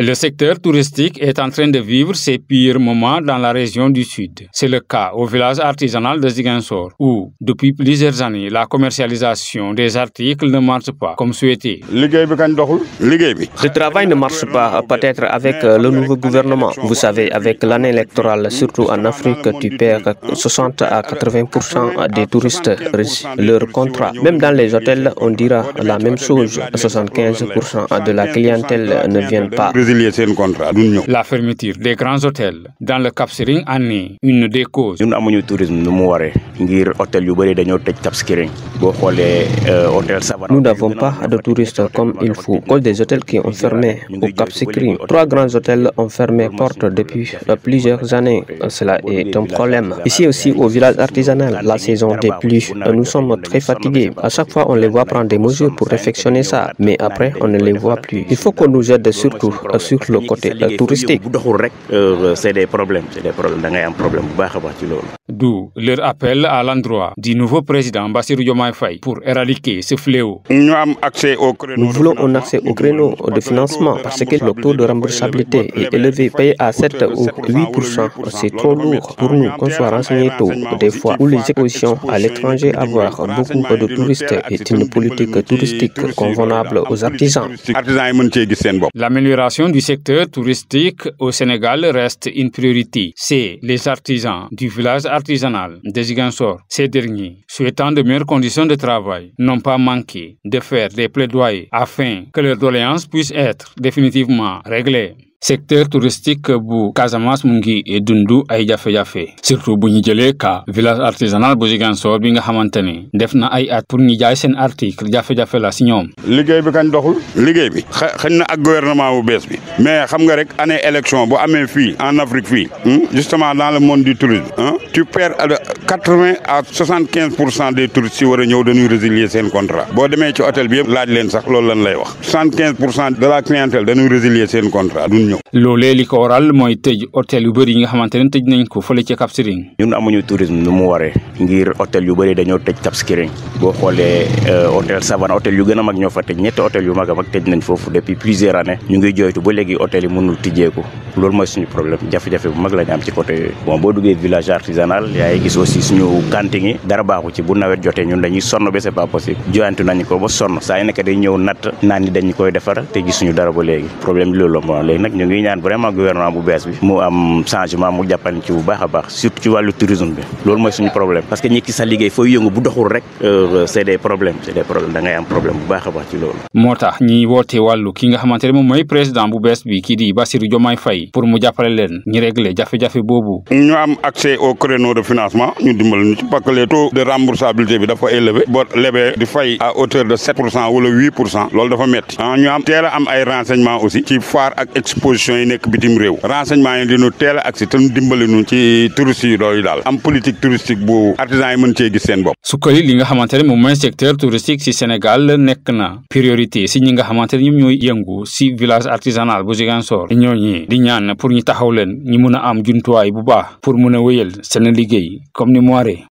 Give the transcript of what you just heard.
Le secteur touristique est en train de vivre ses pires moments dans la région du Sud. C'est le cas au village artisanal de Zigansor où, depuis plusieurs années, la commercialisation des articles ne marche pas comme souhaité. Le travail ne marche pas, peut-être avec euh, le nouveau gouvernement. Vous savez, avec l'année électorale, surtout en Afrique, tu perds 60 à 80 des touristes leur contrat. Même dans les hôtels, on dira la même chose. 75 de la clientèle ne vient pas résilier sen contrat duñ ñëw. la fermeture des grands hôtels dans le Cap Skirring en une des causes. ñun amuñu tourisme nu mu waré ngir hôtel yu bari dañoo tej Cap Skirring Uh, nous n'avons pas de touristes comme il faut. a des hôtels qui ont fermé au Cap Sikri. Trois grands hôtels ont fermé porte depuis plusieurs années. Cela est un problème. Ici aussi, au village artisanal, la saison des pluies, nous sommes très fatigués. À chaque fois, on les voit prendre des mesures pour réfectionner ça, mais après, on ne les voit plus. Il faut qu'on nous aide surtout sur le côté euh, touristique. C'est des problèmes, c'est des problèmes. D'où leur appel à l'endroit du nouveau président Bassirou faille pour éradiquer ce fléau. Nous voulons un accès au créneau de financement parce que le taux de remboursabilité est élevé, payé à 7 ou 8 C'est trop lourd pour nous qu'on soit renseigné tôt. Des fois, où les expositions à l'étranger avoir beaucoup de touristes est une politique touristique convenable aux artisans. L'amélioration du secteur touristique au Sénégal reste une priorité. C'est les artisans du village artisanal des Igansor, ces derniers, souhaitant de meilleures conditions commission de travail n'ont pas manqué de faire des plaidoyers afin que leurs doléances puissent être définitivement réglées. secteur touristique bu Casamance Mungui et dundu ay jafé jafé surtout bu ñu jëlé ka village artisanal bu Ziguinchor bi nga xamante def ay at pour ñu jaay seen article jafé jafé la ci ñom liggéey bi kañ doxul. liggéey bi xëy na ak gouvernement bu bees bi mais xam nga rek année élection bu amé fi en Afrique fi hmm, justement dans le monde du tourisme hein, tu perds à 80 à 75 des touristes si war a ñëw dañuy résilier seen contrat boo demee ci hôtel bi yëpp laaj leen sax loolu lan lay wax 75 de la clientèle dañuy résilier seen contrat duñ ñëw. loolee li ko waral mooy hôtel yu bëri yi nga xamante ne tëj nañ ko fële ci Cap ñun amuñu tourisme nu mu waree ngir hôtel yu bëri dañoo tëj Cap Skirring boo xoolee euh, hôtel Savane hôtel yu gën a mag ñoo fa tëj ñetti hôtel yu mag mag tëj nañ foofu depuis plusieurs années ñu ngi jooytu ba léegi hôtel yi mënul tijjeeku loolu mooy suñu problème jafe-jafe bu mag lañ am ci côté bon boo duggee village artisanal national ay gis aussi suñu kanting yi dara baaxu ci bu nawet joté ñun dañuy sonn bé c'est pas possible joyantu nañ ko ba sonn sa yu day ñew nat naan ni dañ koy défar té gis suñu dara ba légui problème bi loolu mo légui nak ñu ngi ñaan vraiment gouvernement bu bees bi mu am changement mu jàppale ci bu baaxa baax surtout ci walu tourisme bi loolu moy suñu problème parce que ñi ki sa liggéey fo yëngu bu doxul rek euh, c'est des problèmes c'est des problèmes da ngay am problème bu baaxa baax ci loolu motax ñi woté walu ki nga xamante mo moy président bu bees bi ki di Bassirou Diomaye Faye pour mu jappalé len ñi régler jafé jafé bobu ñu am accès au créneaux de ci parce que de remboursabilité bi dafa élevé boo lebee di fay à hauteur de wala huit pour cent loolu dafa métti ah, am teel am ay renseignement aussi ci foire ak exposition yi nekk bitim réew renseignement yi dinu teel a agsi te ñu dimbali ci touristes yi dooyu daal am politique touristique bu artisans yi mën cee gis seen bopp sukkali li nga xamante ne moom secteur touristique si Sénégal nekk na priorité si ñi nga xamante ne ñoom ñooy yëngu si village artisanal benn liggéey comme ni mu waree